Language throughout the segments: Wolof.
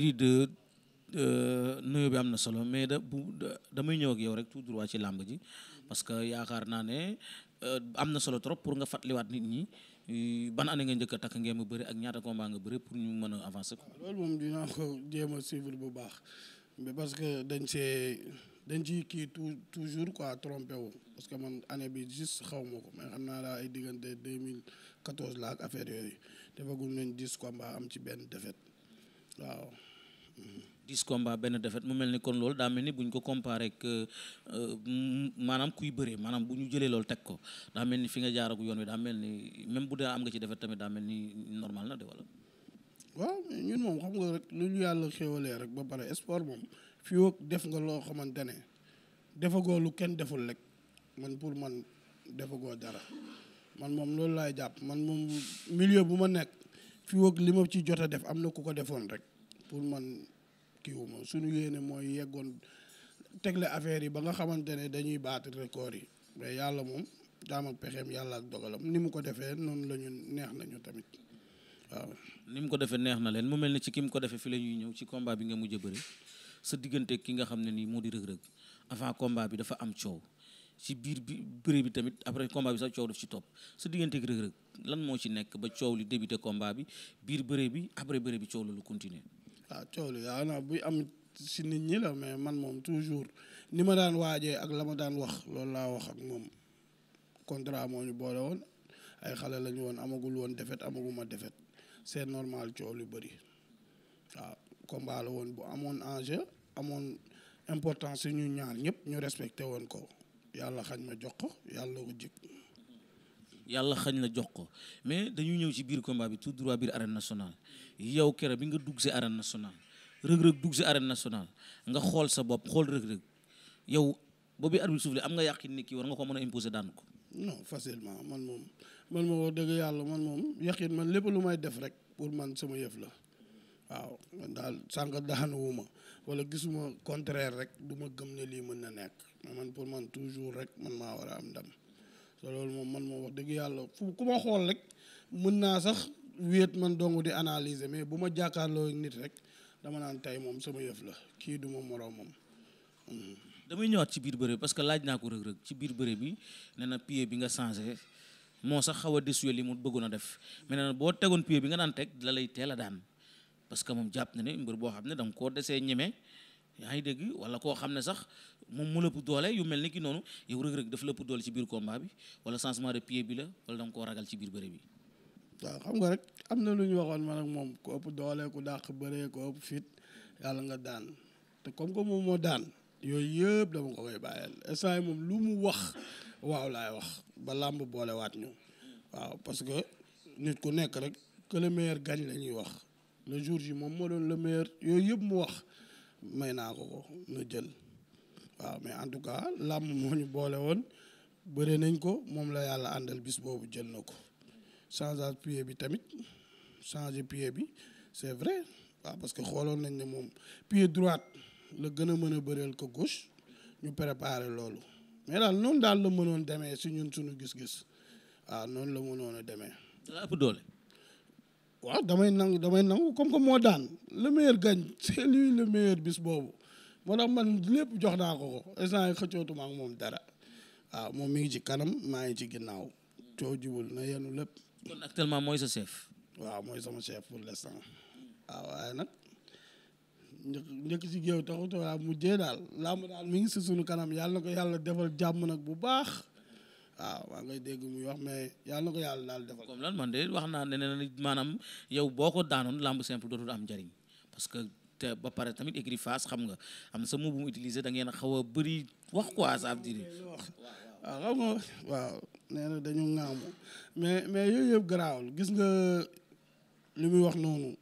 Gris 2 nuyoo bi am na solo mais da bu damay ñëw ak yow rek tout droit ci làmb ji parce que yaakaar naa ne euh, am na solo trop pour nga fàttaliwaat nit ñi euh, ban année nga njëkk a takk ngeen mu bëri ak ñaata combat nga bëri pour ñu mën a avancer ko. loolu moom dinaa ko jéem a suivre bu baax mais parce que dañ see dañ ciy kii tout toujours quoi trompé wu parce que man année bi juste xaw ma ko mais xam naa daa ay diggante 2014 la affaire yooyu defagul nañ 10 combat am ci benn défaite waaw. dix combats benn defet mu mel ni kon loolu daa mel ni bu ko comparé ak euh, euh, maanaam kuy bëree maanaam bu ñu jëlee lool teg ko daa mel ni fi nga jaaragu yoon wi daa mel ni même bu dee am nga ci défaite tamit daa mel ni normal na de wala. waaw ñun moom xam nga rek lu ñu yàlla xéwalee rek ba pare sport moom fii ak def nga loo xamante ne defagoo lu kenn deful rek man pour man defagoo dara man moom loolu laay jàpp man moom milieu bu ma nekk fii ak li ma ci jot def am ku ko defoon rek kiiwuma suñu yéene mooy yeggoon tegle affaire yi ba nga xamante ne dañuy baat record yi mais yàlla moom jaam ak pexeem yàlla ak dogalam ni mu ko defee noonu la ñu neex nañu tamit waaw. ni mu ko defee neex na leen mu mel ni ci ki mu ko defee fi la ñuy ñëw ci combat bi nga mujj a bëri sa diggante ki nga xam ne nii moo di rëg-rëg avant combat bi dafa am coow ci biir bi bëri bi tamit après combat bi sax coow daf ci topp sa diggante rëg-rëg lan moo ci nekk ba coow li débuté combat bi biir bëri bi après bëri bi coow la lu continuer waaw ah, coow li yaa na buy am si nit ñi la mais man moom toujours ni ma daan waajee ak la ma daan wax loolu laa wax ak moom contrat moo ñu boole woon ay xale la ñu woon amagul woon defet amaguma defet c'est normal coow lu bëri waaw ah, combat la woon bu amoon enjeu amoon important si ñu ñaar ñëpp ñu respecté woon ko yàlla xañ ma jox ko yàlla ko jik yàlla xañ la jox ko mais dañu ñëw ci biir combat bi tout droit biir arène nationale yow kere bi nga dugg si arène national rëg-rëg dugg si arène nga xool sa bopp xool rëg-rëg yow boobu arbitre souffle am nga yàqin ni kii war nga ko mën a imposer daan ko non facilement man moom man moom wax dëgg yàlla man moom yaqin man lépp lu may def rek pour man sama yëf la waaw man daal sànq daanuwuma wala gisuma contraire rek du ma gëm ne lii mën na nekk man pour man toujours rek man maa war a am ndam te loolu moom man moom wax dëgg yàlla fu ku ma xool rek mën naa sax wéet man dong di analyser mais bu ma jàkkaarloo nit rek dama naan tey moom sama yëf la kii du ma moroom moom. damay ñëwaat ci biir bëre bi parce que laaj naa ko rëg-rëg ci biir bëre bi nee na pied bi nga changé moo sax xaw a desuye li mu bëggoon a def mais boo tegoon pied bi nga daan teg la lay teel a daan parce que moom jàpp na ne mbir boo xam ne da koo desee ñeme yaa ngi dégg koo xam ne sax moom mu lëpp doole yu mel ni ki noonu yow rëg-rëg dafa lëpp doole ci biir combat bi wala changement de pied bi la wala da nga koo ragal ci biir bëre bi waaw xam nga rek am na lu ñu waxoon man ak moom ku ëpp doole ku dàq bëree ku ëpp fit yàlla nga daan te comme que moom moo daan yooyu yëpp dama ko koy bàyyeel yi moom lu mu wax waaw laay wax ba làmb boolewaat ñu waaw parce que nit ku nekk rek que le la ñuy wax le jour ji moom moo doon le meilleur yooyu yëpp mu wax may naa ko ko na jël waaw mais en tout cas làmb moo ñu boole woon bëre nañ ko moom la yàlla àndal bis boobu jël na ko changement pied bi tamit changer pied bi c'est vrai waaw parce que xooloon nañ ne moom pied droite la gën a mën a bëreel ko gauche ñu préparer loolu mais daal noonu daal la mënoon demee si ñun suñu gis-gis waaw noonu la mënoon a demee. da ëpp waaw damay nangu damay nangu comme que moo daan le meilleur gagne c'est lui le meilleur bis boobu. moo tax man lépp jox naa ko ko instant yi xëccootuma ak moom dara waaw moom mi ngi ci kanam maa ngi ci ginnaaw coo jubul na yenu lépp. kon actuellement mooy sa chef. waaw mooy sama chef pour l'instant waaw waaye nag njëkk njëkk ci géew taxut mu mujjee daal làmb daal mi ngi si sunu kanam yàlla na ko yàlla defal jàmm nag bu baax waaw maa ngay dégg muy wax mais yàlla na ko yàlla daal defal. comme lan man de wax naa ne ne maanaam yow boo ko daanoon làmb simple dootul am te ba pare tamit écurie Fass xam nga am sa mot bu mu utiliser da ngeen xaw a bëri wax quoi ça veut dire waaw ah, xam nga waaw nee dañu ŋaamu mais mais yëpp garaawul gis nga li muy wax noonu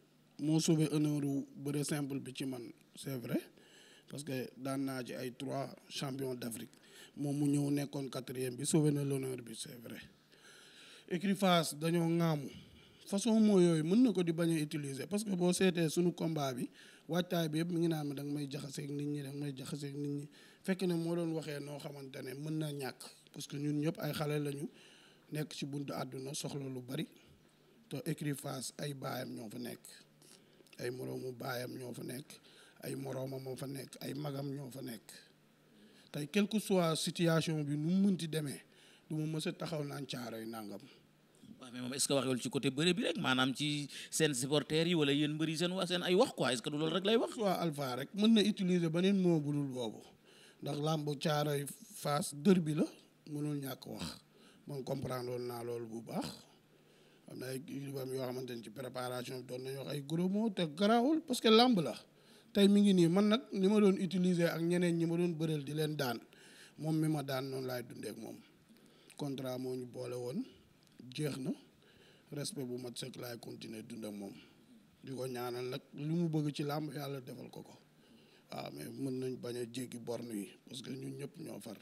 moo sauvé honneur u bëre simple bi ci man c'est vrai parce que daan naa ci ay trois champions d'Afrique moom mu ñëw nekkoon quatrième bi sauvé na l'honneur bi c'est vrai écurie Fass dañoo ŋaamu façon moo yooyu mën na ko di bañ utiliser parce que boo seetee suñu combat bi waajtaay bi yëpp mu ngi naan ma danga may jaxaseek nit ñi da nga may jaxaseeg nit ñi fekk ne moo doon waxee noo xamante ne mën naa ñàkk parce que ñun ñëpp ay xale lañu nekk ci buntu àdduna soxla lu bari te écrit ay baayam ñoo fa nekk ay moroomu baayam ñoo fa nekk ay moroomam moo fa nekk ay magam ñoo fa nekk te quelque que soit situation bi nu mu mënti demee du mu mës a taxaw naan caaroy nangam waaw mais moom est ce que waxewul ci côté bëre bi rek maanaam ci seen supporters yi wala yéen mbëri seen wax seen ay wax quoi est ce que du loolu rek lay wax. waaw Alpha rek mën na utiliser beneen mot bu dul boobu ndax làmb caaray face dër bi la mënul ñàkk wax moom comprendre woon naa loolu bu baax am na ay bam yoo xamante ni ci préparation doon nañu wax ay gros mots te garaawul parce que làmb la tey mi ngi nii man nag ni ma doon utiliser ak ñeneen ñi ma doon bëreel di leen daan moom mi ma daan noonu laay dundee ak moom contrat moo ñu boole woon. jeex na respect bu mat sëkk laay continuer dund moom di ko ñaanal nag lu mu bëgg ci làmb yàlla defal ko ko waaw mais mën nañ bañ a jéggi borne yi parce que ñu ñëpp ñoo far.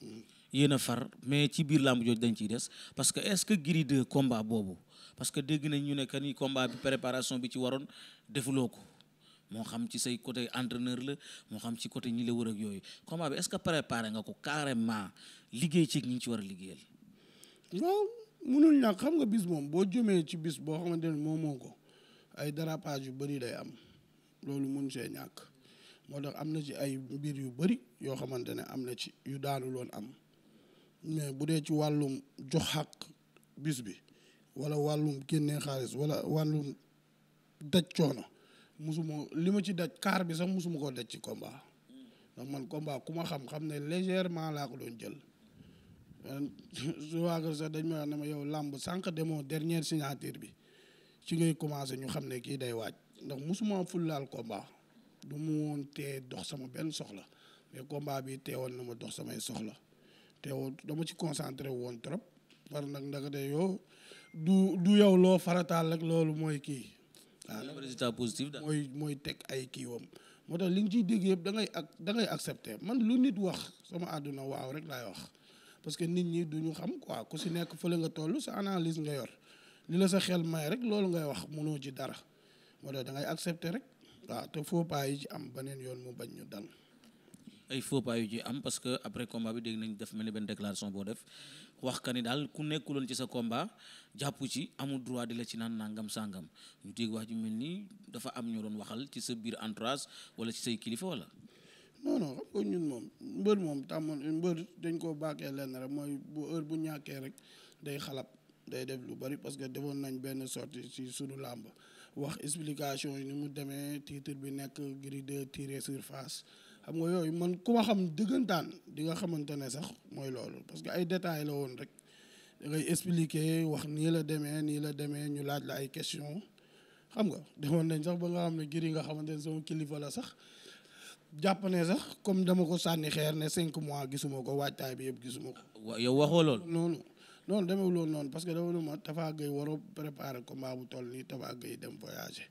Hmm. yéen a far mais ci biir làmb jooju dañ ciy des parce que est-ce que Gris 2 combat boobu parce que dégg nañ ñu ne que ni combat bi préparation bi ci waroon defuloo ko moo xam ci say côté entraîneur la moo xam ci côté ñi la wër ak yooyu combat bi est-ce que préparé nga ko carrément liggéey ci ñi ñu ci war a liggéeyal. mënul ñàkk xam nga bis moom boo jëmee ci bis boo xamante ne moom moo ko ay dérapage yu bari day am loolu mun see ñàkk moo tax am na ci ay mbir yu bëri yoo xamante ne am na ci yu daanul loon am mais bu dee ci wàllum jox xaq bis bi wala wàllum génnee xaalis wala wàllum daj coono musuma li ma ci daj kaar bi sax musuma koo daj ci combat ndax man komba ku ma xam-xam ne légèrement laa ko doon jël Euh, su waagar sax dañ ma wax ma yow làmb sànq demoo dernière signature bi ci ngay commencé ñu xam ne kii day waaj ndax musuma fullaal combat du mu woon tee dox sama benn soxla mais combat bi teewoon na ma dox samay soxla teewoo dama ci concentré woon trop war nag ndax de yow du du yow loo farataal ak loolu mooy kii. waaw résultat positif mooy teg ay kii kiiwam moo tax li nga ciy dégg yëpp dangay ak da ngay accepté man lu nit wax sama àdduna waaw rek laay wax. parce que nit ñi du ñu xam quoi ku si nekk fële nga tollu sa analise nga yor ni la sa xel may rek loolu ngay wax mënoo ci dara wala da ngay accepter rek waa te faux pas yi ci am beneen yoon mu bañ ñu dal. ay faux pas yu ci am parce que après combat bi dégg nañ def mel ni benn déclaration boo def wax ka ni daal ku nekkuloon ci sa combat jàpp ci amul droit di la ci naan nangam sangam ñu dégg wax ju mel nii dafa am ñoo doon waxal ci sa biir entourage wala ci say kilifa wala. non non xam nga ñun moom mbër moom tàmmoon mbër dañ koo bàkkee lenn rek mooy bu heure bu ñàkkee rek day xalab day def lu bari parce que defoon nañ benn sortie ci sunu làmb wax explication yi ni mu demee titre bi nekk gris de tiré surface xam nga yooyu man ku ma xam dëggantaan di nga xamante ne sax mooy loolu parce que ay détails la woon rek da ngay expliquer wax nii la demee nii la demee ñu laaj la ay question xam nga defoon nañ sax ba nga xam ne giri nga xamante ne sama kilifa la sax jàpp ne sax comme dama ko sànni xeer ne cinq mois gisuma ko waajtaay bi yëpp gisuma ko. yow waxoo lool. noonu noonu demee noonu parce que dama ne ma Tafa Gueye waroo préparer combat bu toll nii Tafa Gueye dem voyager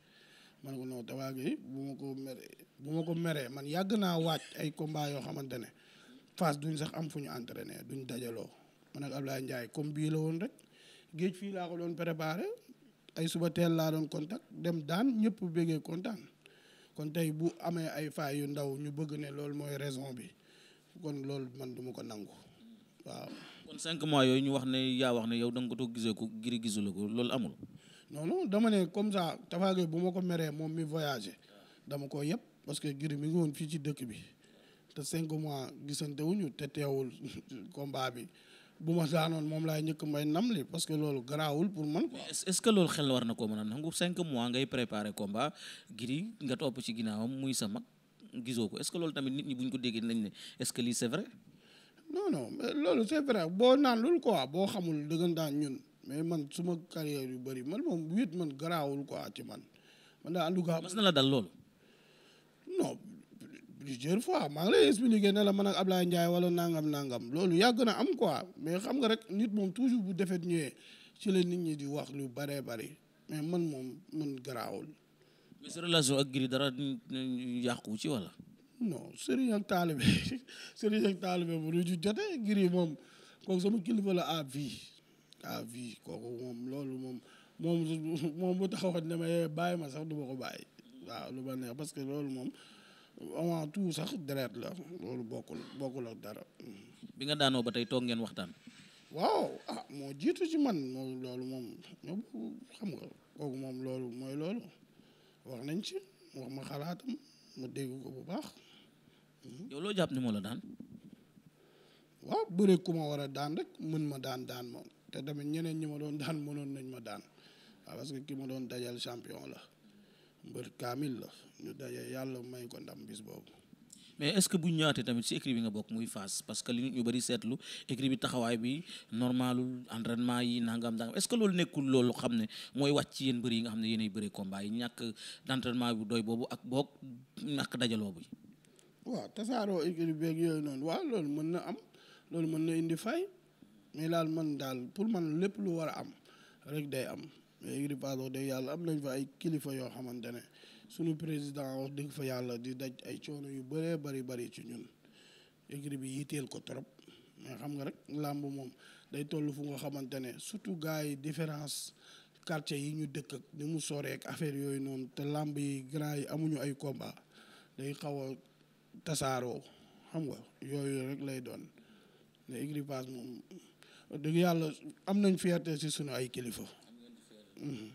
man ko non Tafa Gueye bu ma ko meree bu ma ko meree man yàgg naa waaj ay combat yoo xamante ne Fass duñ sax am fu ñu entrener duñ dajaloo man ak Ablaye Ndiaye comme bii la woon rek géej fii laa ko doon préparé ay suba teel laa doon contact dem daan ñëpp bëggee kontaan. kon tey bu amee ay failles yu ndaw ñu bëgg ne loolu mooy raison bi kon loolu man duma ko nangu waaw. kon cinq mois yooyu ñu wax ne yaa wax ne yow da nga ko toog gisee ko giri gisula ko loolu amul. noonu dama ne comme ça Tapha Gueye bu ma ko meree moom mi voyage dama ko yëpp parce que giri mi ngi woon fii ci dëkk bi te cinq mois gisante te teewul combat bi. bu ma daanoon moom laay njëkk may nam li que loolu garaawul pour man quoi. est-ce que loolu war na ko mën a nangu cinq mois ngay préparer combat Gris nga topp ci ginnaawam muy sa mag gisoo ko est-ce loolu tamit nit ñi buñ ko déggee ne est-ce que lii loolu c'est vrai boo naan loolu quoi boo xamul dëggantaan ñun mais man suma carrière yu bëri man moom wéet man garaawul quoi ci man man daa en tout cas. mas na la dal loolu. non. plusieurs fois maa ngi lay expliqué ne la man ak Ablaye wala nangam nangam loolu yàgg na am quoi mais xam nga rek nit moom toujours bu defet ñëwee ci la nit ñi di wax lu bëree bëri mais man moom man garaawul. mais sa relation ak Gris dara yàqu ci wala. non sëriñ ak taalibe sëriñ ak taalibe bu ñu jotee Gris moom sa sama kilifa la à vie a vie kooku moom loolu moom moom moom bu taxawoon ne ma eh, bàyyi ma sax du ma ko waaw lu ma neex parce loolu moom. avant tout sax deret la loolu bokkul bokkul ak dara. bi nga daanoo ba tey toog ngeen waxtaan. waaw ah moo jiitu ci man moom loolu moom ñoo xam nga kooku moom loolu mooy loolu wax nañ ci wax ma xalaatam ma dégg ko bu baax. Hmm. yow loo jàpp ni moo la daan. waaw bëre ku ma war a daan rek mën ma daan daan ma te tamit ñeneen ñi ma doon daan mënoon nañ ma daan waaw parce que ki ma doon dajal champion la. mbër kaamil la ñu daje yàlla may ko ndam bis boobu. mais est-ce que bu ñu ñëwaatee tamit ci écrit bi nga bokk muy Fass parce que li ñu bëri seetlu écrit bi taxawaay bi normalul entraînement yi nangam nangam est-ce que loolu nekkul loolu xam ne mooy wàcc ci yéen bëri yi nga xam ne yéenay bëree combat yi ñàkk d'entraînement bu doy boobu ak boog ñàkk dajaloo bi. waaw tasaaroo écrit beeg yooyu noonu waaw loolu mën na am loolu mën na indi fay mais daal man daal pour man lépp lu war a am rek day am. mais egri Pass wax dëgg yàlla am nañ fa ay kilifa yoo xamante ne suñu président wax dëgg fa yàlla di daj ay coono yu bëree bëri bëri ci ñun Agri bi yiiteel ko trop mais xam nga rek làmb moom day toll fu nga xamante ne surtout gars yi différence quartier yi ñu dëkk ak ni mu soree ak yooyu noonu te làmb yi grand yi amuñu ay combat day xaw a tasaaroo xam nga yooyu rek lay doon mais Agri Pass moom dëgg yàlla am nañ fierté si suñu ay kilifa Mm-hmm.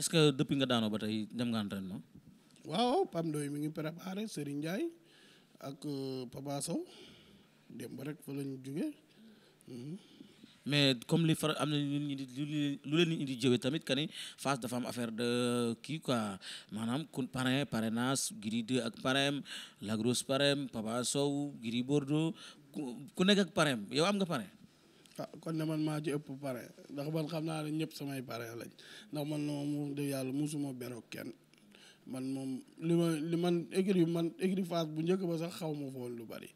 est-ce que depuis nga daanoo ba tey dem nga entraînement. waaw Pam Ndoye mi ngi préparé Serigne Ndiaye ak euh, Papa Sow dem ba rek fa la ñu jógee. Mm-hmm. comme li far am na lu ñu di lu jëwee tamit que ni Fass dafa am affaire de kii quoi maanaam ku parrain parrainage Gris 2 ak parrain Lac Rose parrain Papa Sow Gris Bordeaux ku nekk ak parrain yow am nga pare ah kon ne man maa ci ëpp pare ndax man xam naa ne ñëpp samay pare lañ ndax man moom mu yàlla musuma beroog kenn man moom li ma li man écrit man écrit phase bu njëkk ba sax xaw ma foon lu bari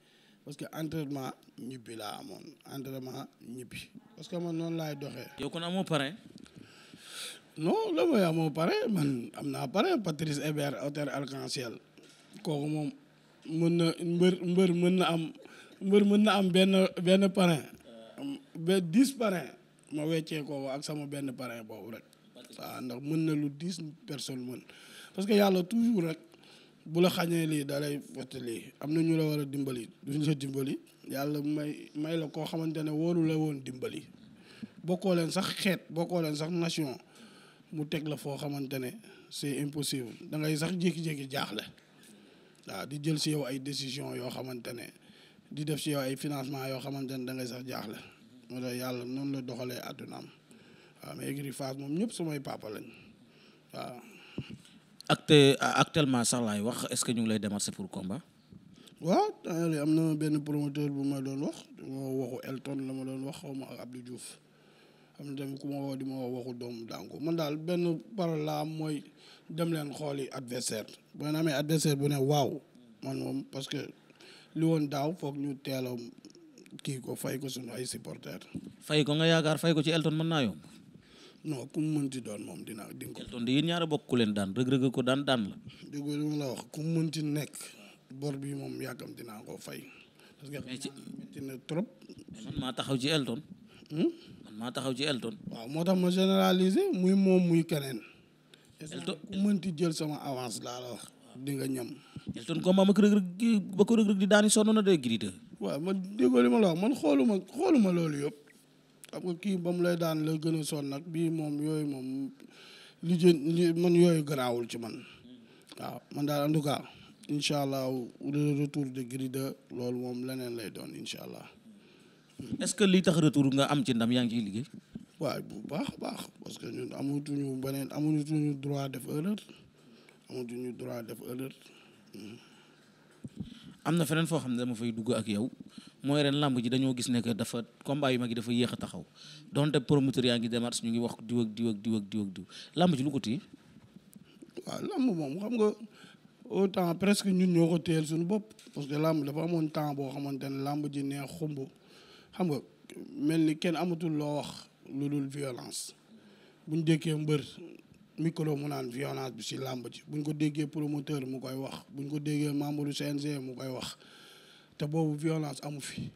parce que entraînement ñibbi laa amoon entraînement ñibbi parce que man noonu laay doxee. yow kon amoo pare. non la mooy amoo pare man am naa pare Patrice Hébert auteur arc kooku moom mën na mbër mbër mën na am mbër mën na am benn benn parrain ba dix parrain ma wecceekoo ak sama benn parrain boobu rek waaw ndax mën na lu dix personnes mën parce que yàlla toujours rek bu la xañee lii da lay fàttali am na ñu la war a dimbali duñ la dimbali yàlla may may la koo xamante ne wóolu la woon dimbali bokkoo leen sax xeet bokkoo leen sax nation mu teg la foo xamante ne c'est impossible da ngay sax jékki-jékki jaaxle waaw di jël si yow ay décision yoo xamante ne di def ci yow ay financement yoo xamante ne da ngay sax jaaxle moo tax yàlla noonu la doxalee àddunaam waaw mais écurie moom ñëpp sumay papa lañ waaw. te actuellement sax laay wax est-ce que ñu ngi lay démarcher pour combat. waaw am na benn promoteur bu ma doon wax moo waxu Elton la ma doon wax xaw ma ak Abdou Diouf am na tamit ku ma woo di ma waxu doom dànku man daal benn parole la am mooy dem leen xooli adversaire boo amee adversaire bu ne waaw li woon daaw foog ñu teel kii ko fay ko suñu ay supporter fay ko nga yaakaar fay ko ci Elton mën naa yomb. non ku mu mënti doon moom dina di nga ko. Elton di bokk ku leen daan rëg-rëg ko daan daan dégg li ma wax ku mu mënti nekk bor bi moom yàggam dinaa koo fay. parce que ci na trop. man maa taxaw ci Elton. Hmm? man maa taxaw ci Elton. waaw moo tax ma généraliser muy moom muy keneen. Elton ku mënti jël sama avance laa la wax. di nga ñam. Elton combat ak Reug Reug ba ko Reug Reug di daani sonn na de Gris 2. waaw man déggoo li ma la man xooluma xooluma loolu yëpp xam nga kii ba mu lay daan la gën a sonn nag bii moom yooyu moom li jë man yooyu ganaawul ci man waaw man daal en tout cas incha allah le retour de Gris 2 loolu moom leneen lay doon incha allah. est-ce que li tax retour nga am ci ndam yaa ngi ciy liggéey. waaw bu baax baax parce que ñun amatuñu beneen amatuñu droit def erreur amatuñu droit def erreur. am na feneen foo xam ne dama fay dugg ak yow mooy ren làmb ji dañoo gis ne que dafa combat yu mag yi dafa yéex a taxaw donte promoteur yaa ngi démarche ñu ngi wax diw ak diw ak diw ak diw ak diw làmb ji lu ko téye. waaw làmb moom xam nga au temps presque ñun ñoo ko téyel bopp parce que làmb dafa amoon temps boo xamante ne làmb ji nee xumb xam nga mel ni kenn amatul loo wax lu dul violence buñ dékkee mbër micro mu naan violence bi si làmb ji buñ ko déggee promoteur mu koy wax buñ ko déggee membre du CNG mu koy wax te boobu violence amu fi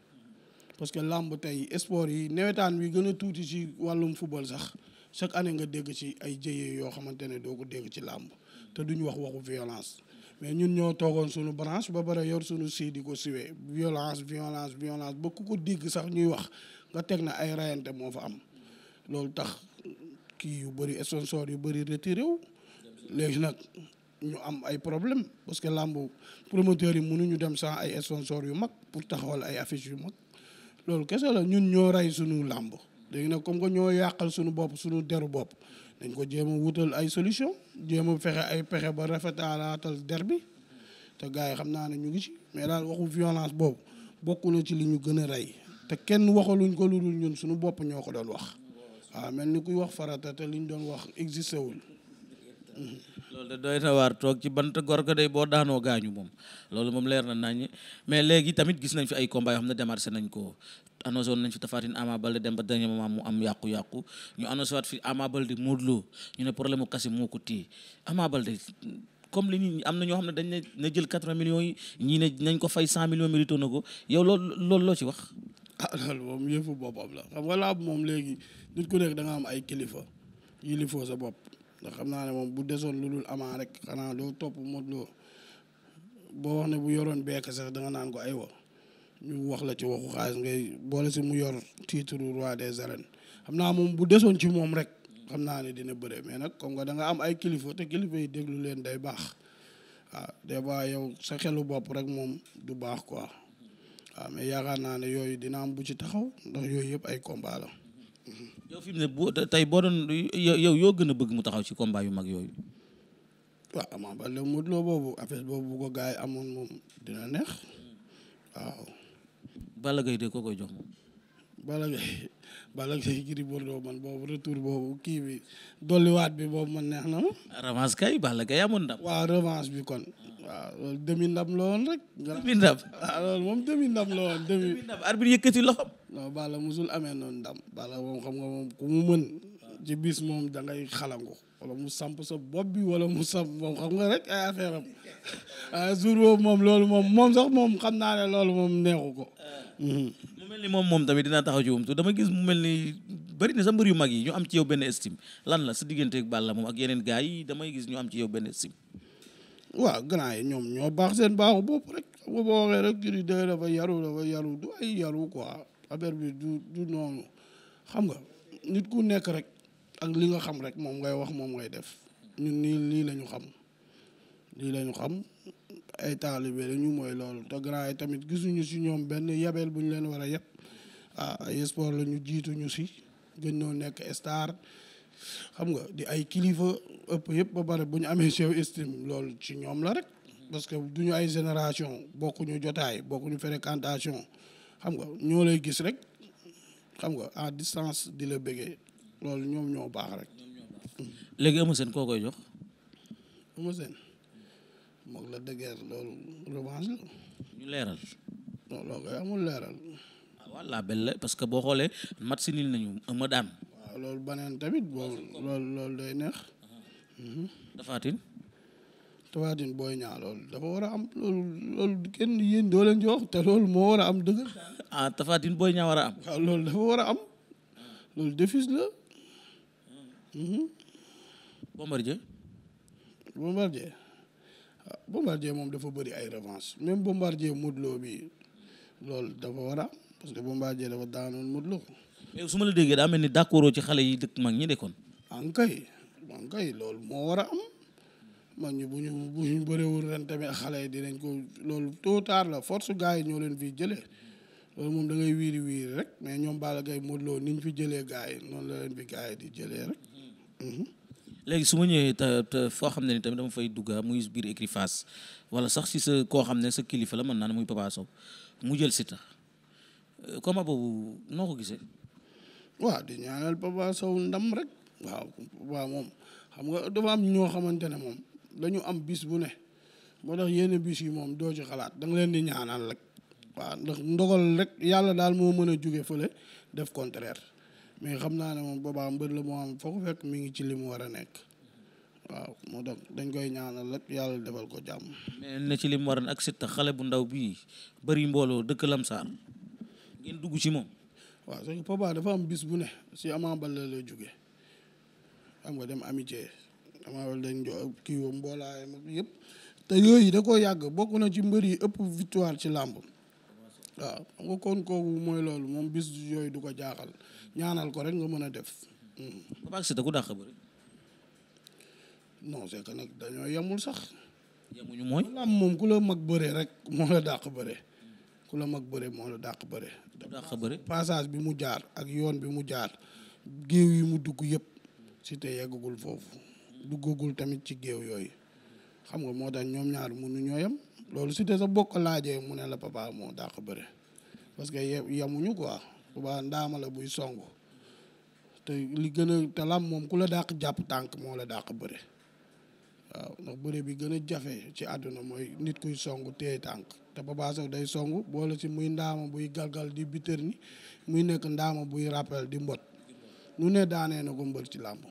parce que làmb tey sport yi nawetaan bi gën a tuuti si wàllum football sax chaque année nga dégg ci ay jëyee yoo xamante ne doo ko dégg ci làmb te duñ wax waxu violence mais ñun ñoo toogoon suñu branche ba pare yor sunu sii di ko siwee violence violence violence ba ku ko dégg sax ñuy wax nga teg na ay rayante moo fa am loolu tax kii yu bëri sponsor yu bëri retiré wu léegi nag ñu am ay problème parce que làmb promoteurs yi munuñu dem sans ay sponsor yu mag pour taxawal ay affiches yu mag loolu kese la ñun ñoo rey suñu làmb léegi nag comme que ñoo yàqal suñu bopp suñu deru bopp dañ ko jéem a wutal ay solution jéem a fexe ay pexe ba rafetalaatal der bi te gars yi xam naa ne ñu ngi ci mais daal waxu violence boobu bokk na ci li ñu gën a rey te kenn waxaluñ ko lu dul ñun suñu bopp ñoo ko doon wax waaw mel ni kuy wax farata te liñ doon wax existé wul loolu de doy na waar toog ci bant gor ko day boo daanoo gaañu moom loolu moom leer na naññi mais léegi tamit gis nañ fi ay combat yoo xam ne démarré nañ ko annoncé woon nañ fi Tapha Tine Ama Baldé dem ba dernier moment am yàqu-yàqu ñu annoncé waat fi Ama Baldé Modou ñu ne problème mu moo ko téye Ama Baldé comme li ñu am na ñoo xam ne dañ ne na jël 80 millions yi ñii ko fay 100 millions mi na ko yow loolu loolu loo ci wax ah loolu moom yëfu boppam la xam nga laab moom léegi nit ku nekk danga am ay kilifa yilifoo sa bopp ndax xam naa ne moom bu desoon lu dul amaa rek xanaa doo topp Modou Lo boo wax ne bu yoroon beek sax da nga naan ko aywa ñu wax la ci waxu xaalis ngay boole si mu yor titre roi des arènes xam naa moom bu desoon ci moom rek xam naa ne dina bëre mais nag comme nga da am ay kilifa te kilifa yi déglu leen day baax waaw des fois yow sa xelu bopp rek moom du baax quoi. waaw mais yaakaar naa ne yooyu dina am bu ci taxaw ndax yooyu yëpp ay combat la. yow fi mu ne boo tey boo doon yow yoo gën a bëgg mu taxaw ci combat yu mag yooyu. waaw Ama Baldé Modou Lô boobu affaire boobu bu ko gars yi amoon moom dina neex waaw. Balla Gaye de ko koy jox moom. Balla Balla Gaye Gris Bordeaux boobu kii bi dolliwaat bi boobu man neex na ma. revanche kay amoon ndam. waaw bi kon. waaw loolu demi ndam rek. demi ah, moom demi la woon demi. demi ndam amee noonu ndam. bala moom xam nga moom ku mën. ci bis moom da ngay xalangu. wala mu samp sa bopp bi wala mu samp moom xam nga rek ay affaire am ah, jour boobu moom loolu moom moom sax moom xam naa ne loolu moom neexu ko. Ah. Mhm. mel ni moom moom tamit dina taxaw ci wumtu dama gis mu mel ni bëri na sa mbër yu mag yi ñu am ci yow benn estime lan la sa digganteek ak Balla moom ak yeneen gars yi damay gis ñu am ci yow benn estime waaw grand yi ñoom ñoo baax seen baaxu bopp rek boo waxee rek Gris 2 dafa yaru dafa yaru du ay yaru quoi affaire bi du noonu xam nga nit ku nekk rek ak li nga xam rek moom ngay wax moom ngay def ñun nii lii la ñu xam lii la ñu xam ay taalibe lañu mooy loolu te grand yi tamit gisuñu si ñoom benn yabeel bu ñu leen war a yeb ah, ay sport jiitu ñu si gën ñoo nekk star xam nga di ay kilifa ëpp yëpp ba pare bu ñu amee sew estime loolu ci ñoom la rek parce que duñu ay génération bokkuñu jotaay bokkuñu fréquentation xam nga ñoo lay gis rek xam nga à distance di la bëggee loolu ñoom ñoo baax rek. léegi Eumeu koo koy jox moom la dëgër loolu revanche la. ñu leeral. non loolu kay amul leeral. Ah, walla belle parce que boo xoolee mat si niil nañu ma daan. waaw loolu baneen tamit boobu loolu loolu day neex. tafaatin. booy ñaa loolu dafa war a am loolu yéen doo leen moo war a am dëgg. ah tafaatin war a loolu dafa war a am defis la. Uh-huh. Mhm. Bombardier. Bombardier. Bombardier moom dafa bëri ay revanche même Bombardier Modou Lo bi loolu dafa war a parce que Bombardier dafa daanoon Modou Lo. mais su ma la déggee daa mel ni d'accord ci xale yi dëkk mag ñi nekkoon. ankay ankay loolu moo war a mag ñi bu ñu bu ñu bëriwul ren tamit xale yi dinañ ko loolu tôt tard la force gars yi ñoo leen fi jëlee loolu moom da ngay wiiri wiiri rek mais ñoom baala Gaye Modou Lo ni ñu fi jëlee gars yi noonu la leen fi gars di jëlee rek. Mm-hmm. Mm-hmm. léegi su ma ñëwee te foo xam ne ni tamit dama fay dugga muy biir écrit face wala sax si sa koo xam ne sa kilifa la mën naa ne muy Papa Sow mu jël Siteu combat boobu noo ko gisee. waaw di ñaanal Papa Sow ndam rek waaw waaw moom xam nga dafa am ñoo xamante ne moom dañu am bis bu ne moo tax yenn bis yi moom doo ci xalaat da nga leen di ñaanal rek waaw ndax ndogal rek yàlla daal moo mën a jóge fële def contraire mais xam naa ne moom boobaa mbër la moo am foofu fekk mu ngi ci li mu war a nekk waaw moo tax dañ koy ñaanal lépp yàlla defal ko jàmm. mais ne ci li mu war a ak Siteu xale bu ndaw bii bari mbooloo dëkk Lamsaar ngeen dugg ci moom. waaw parce que Papa dafa am bis bu ne si Ama Baldé la jóge xam nga dem amitié Ama Baldé dañ jo kii woo yëpp te yooyu da koo yàgg bokk na ci mbër yi ëpp victoire ci làmb. waaw xam nga kon kooku mooy loolu moom bis yooyu du ko jaaxal ñaanal ko rek nga mën a def. Hmm. Papa ak Siteu dàq bëri. non nag dañoo yemul sax. yemuñu mooy. moom ku mag bëre rek moo dàq bëre. ku la mag bëre moo la dàq bëre. dàq bëre passage bi mu jaar ak yoon bi mu jaar géew yi mu dugg yëpp Siteu yeggagul foofu. duggagul tamit ci géew yooyu. xam nga moo tax ñoom ñaar mënu ñoo yem loolu Siteu sa bokk laajee mu ne la papa moo dàq bëre parce que yemuñu quoi papa ndaama la buy songu te li gën a te lam moom ku la dàq jàpp tànk moo la dàq bëre waaw ndax bëre bi gën a jafe ci àdduna mooy nit kuy songu téye tànk te papa sax day songu boole ci muy ndaama buy galgal di bitër ni muy nekk ndaama buy rappel di mbot nu ne daanee na ko mbër ci làmb